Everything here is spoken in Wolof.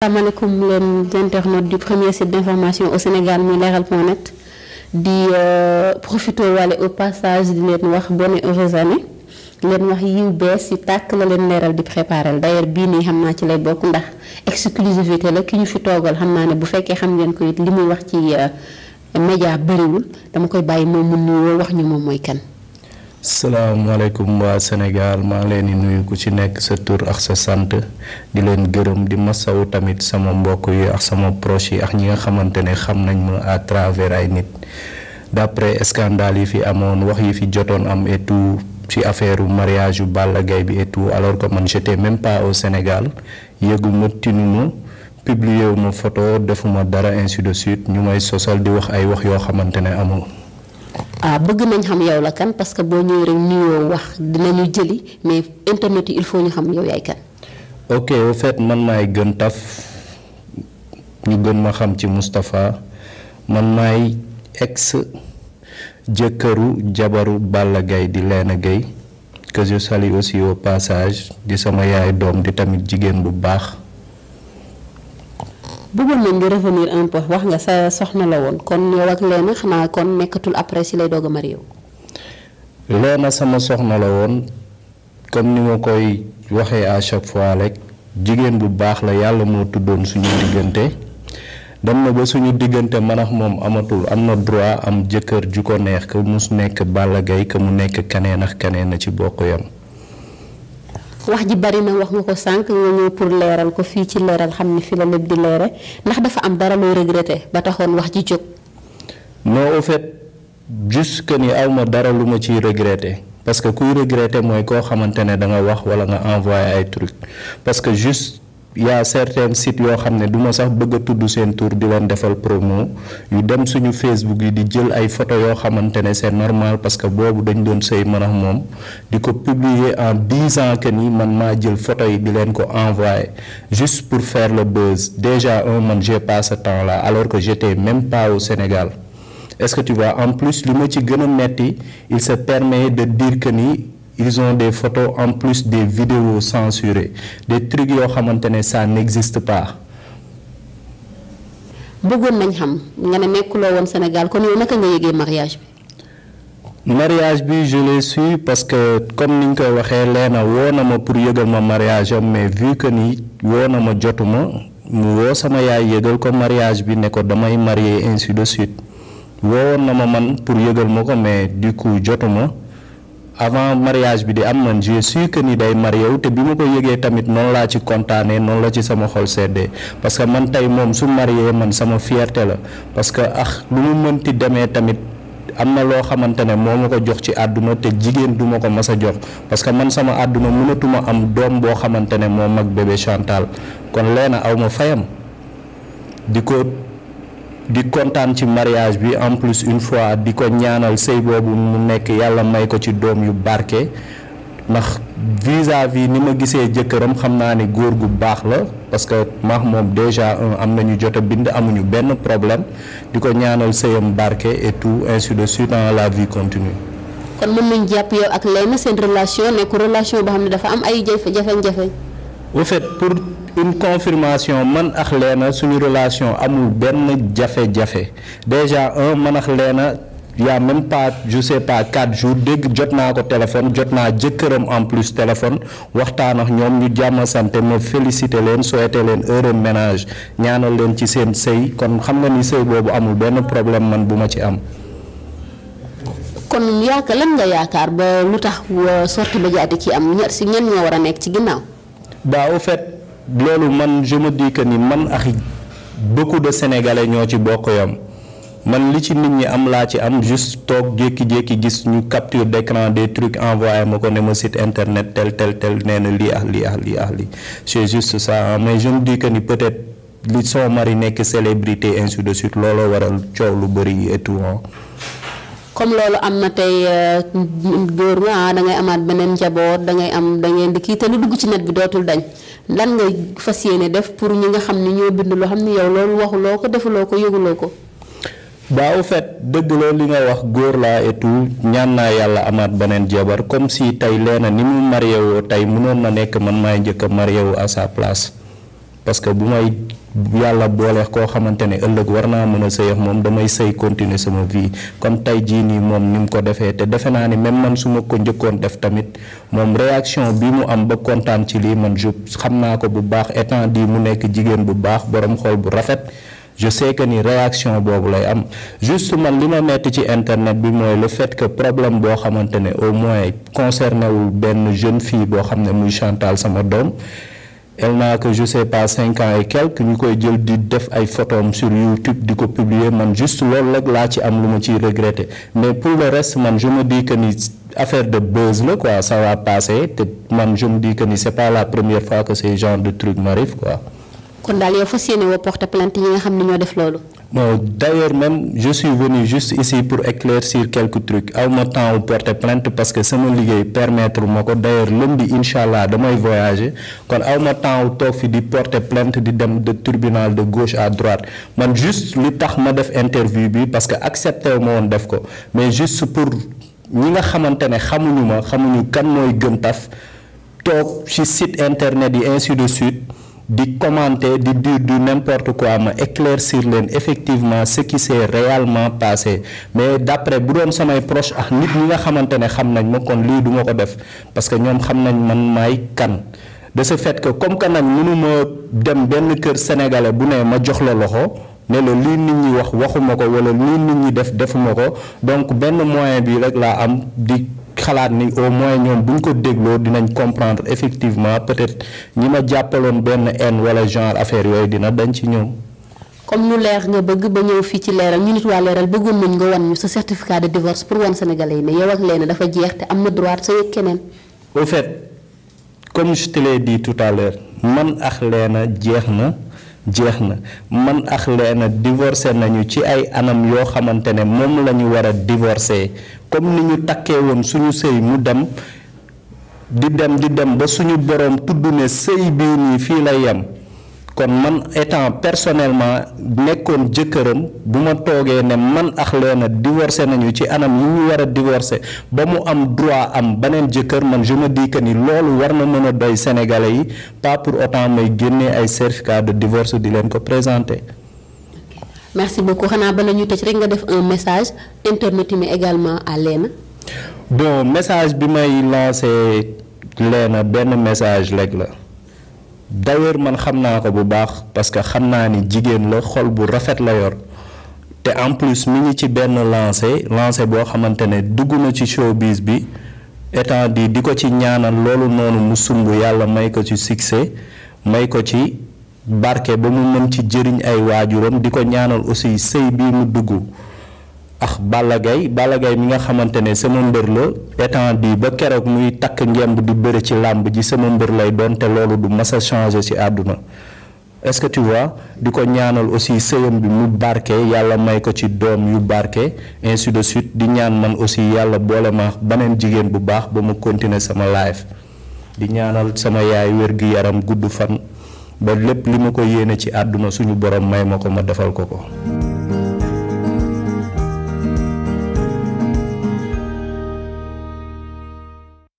asalaamaaleykum leen internautes du premier site d'information au Sénégal muy leeral point net di euh, profiter wàlle au passage di leen wax bonne heureuse année leen wax yi bees yi tàkk la leen leeral di préparer d'ailleurs bii nii xam naa ci lay bokk ndax exclusivité la ki ñu fi toogal xam naa ne bu fekkee xam ngeen ko it li muy wax ci euh, média bëriwul dama koy bàyyi moom mu nuyoo wax ñu moom mooy kan salaamaaleykum waa Sénégal maa ngi leen di nuyu ku ci nekk sa tur ak sa sant di leen gërëm di ma saw tamit sama mbokk yi ak sama proche yi ak ñi nga xamante ne xam nañ ma à travers ay nit d'après scandale yi fi amoon wax yi fi jotoon am et tout ci affaire mariage yu Balla gay bi et tout alors que man j'étais même pas au Sénégal yëguma tinuma publier wu ma photo defuma dara ainsi de suite ñu may sosal di wax ay wax yoo xamante ne amul. ah bëgg nañ xam yow la kan parce que boo ñëwee rek nuyoo wax dinañu jëli mais internet yi il faut ñu xam yow yaay kan. ok au man maay gën taf ñu gën ma xam ci Moustapha man maay ex jëkkëru jabaru Balla Gaye di Leena Gaye que je salue aussi au passage di sama yaay doom di tamit jigéen bu baax. bëggoon nañ di revenir un peu wax nga sa soxna la woon kon yow ak Léna xanaa kon nekkatul après si lay doog a marié wu. sama soxna la woon kon ni ma koy waxee à chaque fois rek jigéen bu baax la yàlla moo tuddoon suñu diggante dem na ba suñu diggante man ak moom amatul am na droit am jëkkër ju ko neex que mu nekk Balla Gaye ka mu nekk kaneen ak kaneen ci bokk yam wax ji bari na wax nga ko sànq nga ñëw pour leeral ko fii ci leeral xam ni fi la lépp di leere ndax dafa am dara looy regretter ba taxoon wax ji jóg. non au fait juste que ni awma dara lu ma ciy regretter parce que kuy regretter mooy koo xamante ne da nga wax wala nga envoyé ay truc parce que juste. yaa certains sites yoo xam ne duma sax bëgg tudd seen tour di leen defal promo yu dem suñu Facebook yi di jël ay photo yoo xamante ne c'est normal parce que boobu dañu doon sëy mën a moom di ko publier en dix ans que ni man maa jël photo yi di leen ko envoyé juste pour fair le buzz déjà un man j'ai pas ce temps là alors que j'étais même pas au Sénégal est que tu vois en plus li ma ci gën a metti il se permet de diir que ni ils ont des photos en plus des vidéos censurées des trucs yoo xamante ne ça n'existe pas. bëggoon nañ xam nga ne nekkuloo woon Sénégal kon yow naka nga yëgee mariage bi. mariage bi je le suis parce que comme niñ koy waxee leena woo na ma pour yëgal ma mariage am mais vu que ni woo na ma jotuma mu woo sama yaay yëgal ko mariage bi ne ko damay marier ainsi de suite woowoon na ma man pour yëgal ma ko mais du coup jotuma. avant mariage bi di am man je suis que ni day marié te bi ma ko yëgee tamit noonu laa ci kontaanee noonu la ci sama xol seddee parce que man tey moom su marié man sama fierté la parce que ax lu mu mënti demee tamit am na loo xamante ne moo ma ko jox ci àdduna te jigéen du ma ko mas a jox parce que man sama àdduna mënatuma am doom boo xamante ne moo mag bébé Chantal kon leena aw ma fayam di ko di kontaan ci mariage bi en plus une fois di ko ñaanal sëy boobu mu nekk yàlla may ko ci doom yu barke ndax vis-à-vis ni ma gisee jëkkëram xam naa ne góor gu baax la parce que maax moom déjà am nañu jot a bind amuñu benn problème di ko ñaanal sëyam barke et tout ainsi de suite dans la vie continue. kon mën nañ jàpp yow ak Leyna seen relation nekk relation boo xam ne dafa am ay jafe-jafe. au fait pour. une confirmation man ak Léna suñu relation amul benn jafe-jafe déjà un man ak Léna y a même pas je sais pas quatre jours dégg jot naa ko téléphone jot naa jëkkëram en plus téléphone waxtaan ak ñoom ñu jàmm sante ma féliciter leen souhaiter leen heureux ménage ñaanal leen ci seen sëy kon xam nga ni sëy boobu amul benn problème man bu ma ci am. kon yaakaar lan nga yaakaar ba lu tax sortie médiatique yi am ñett ñoo war a nekk ci ginnaaw. ba au fait. loolu man je me que ni man ak beaucoup de sénégalais ñoo ci bokk yam man li ci nit ñi am laa ci am juste toog jékki-jékki gis ñu capture d'écran des trucs envoye ma ko ne ma site internet tel tel tel nee lii ak lii ak lii c'est juste ça mais je me que ni peut-être li soo mari nekk célébrité ainsi de suite looloo waral coow lu bëri et tout comme loolu am na tey euh, góor nga ah, da ngay amaat beneen njaboot da ngay am da ngeen te lu dugg ci net bi dootul dañ. lan ngay fas yéene def pour ñi nga xam ni ñoo bind loo xam ni yow loolu waxuloo ko defuloo ko yëguloo ko. ba au dëgg la li nga wax góor laa et ñaan naa yàlla amaat beneen jabar comme si tey leena ni mu marié woo tey mënoon na nekk man maay njëkk a marié wu à sa place parce bu may yàlla boole koo xamante ne ëllëg war naa mën a sëy moom damay sëy continuer sama vie comme tey jii nii moom ni mu ko defee te defe naa ni même man su ma ko njëkkoon def tamit moom réaction bi mu am ba kontaan ci lii man je xam naa ko bu baax étant di mu nekk jigéen bu baax borom xol bu rafet je sais que ni réaction boobu lay am juste man li ma metti ci internet bi mooy le fait que problème boo xamante ne au moins concerné benn jeune fille boo xam ne muy sama doom elle n'a que je sais pas cinq ans et quelques ñu koy jël di def ay photom sur YouTube di ko publier man juste loolu rek laa ci am lu ma ciy regretter mais pour le reste man je me dis ni affaire de buzz la quoi ça va passer te man je me dis que ni c'est pas la première fois que ce genre de truc m'arrive quoi. kon daal yow fas yéene woo porte plainte yi nga xam ne ñoo def loolu. bon d'ailleurs même je suis venu juste ici pour éclaircir quelques trucs aw ma temps parce que sama liggéey permettre ma ko d'ailleurs lundi incha allah damay voyager kon aw ma temps toog fi di porter plante di dem de tribunal de gauche à droite man juste li tax ma def interview bi parce que accepté wu ma def ko mais juste pour ñi nga xamante ne xamuñu ma xamuñu kan mooy gën taf toog ci site internet de suite. di commenter di dire du n'importe quoi ma éclaircir leen effectivement ce qui s'est réellement mais d'après bu doon samay proche ak ah, nit ñi nga xamante ne xam nañ ma kon lii du ma ko def parce que ñoom xam nañ man maay kan de ce fait que comme que nag mënuma dem benn kër sénégalais bu ne ma jox la loxo ne la lii nit ñi wax waxuma ko wala lii nit ñi def defuma ko donc benn moyen bii rek laa am di xalaat ni au moins ñoom bu ñu ko dégloo dinañ comprendre effectivement peut-être ñi ma jàppaloon benn n wala genre affaire yooyu dina dañ ci ñoom. comme lu leer nga bëgg ba ñëw fii ci leeral ñu nit waa leeral bëggoon nañ nga wan ñu sa certificat de divorce pour wan sénégalais yi ne yow ak leen dafa jeex te am na droit sa yëg keneen. au fait comme je te l'ai tout à l'heure man ak leena jeex na. jeex na man ak leena divorcé nañu ci ay anam yoo xamante ne moom lañu ñu war a divorcé comme ni ñu takkee woon suñu sëy mu dem di dem di dem ba suñu boroom tudd ne sëy bii nii fii la yem kon man étant personnellement nekkoon jëkkëram bu ma toogee ne man ak leena divorcé nañu ci anam yi ñu war a divorcé ba mu am droit am beneen jëkkër man je me dis ni loolu war na mën a doy sénégalais yi pas pour autant may génnee ay certificat de divorce di leen ko présenté. merci beaucoup xanaa ba la ñuy tëj rek nga def un message internet mais également à Léna. message bi may lancé Léna benn message rek la. d'ailleurs man xam naa ko bu baax parce que xam naa ni jigéen la xol bu rafet la yor te en plus mi ngi ci benn lancé lancé boo xamante ne dugg na ci showbiz bi étant di di ko ci ñaanal loolu noonu mu sumb yàlla may ko ci succès may ko ci barke ba mu mën ci jëriñ ay waajuram di ko ñaanal aussi sëy bii mu dugg ax Balla Gaye Balla Gaye mi nga xamante ne sama mbër la étant bi ba keroog muy takk ngemb di bëre ci làmb ji sama mbër lay doon te loolu du mas a changé ci àdduna est-ce que tu vois di ko ñaanal aussi sëyam bi mu barke yàlla may ko ci doom yu barke ainsi de suite di ñaan man aussi yàlla boole ma jigéen bu baax ba mu continuer sama life di ñaanal sama yaay wér gi yaram gudd fan ba lépp li ma ko yéene ci àdduna suñu borom may ma ko ma defal ko ko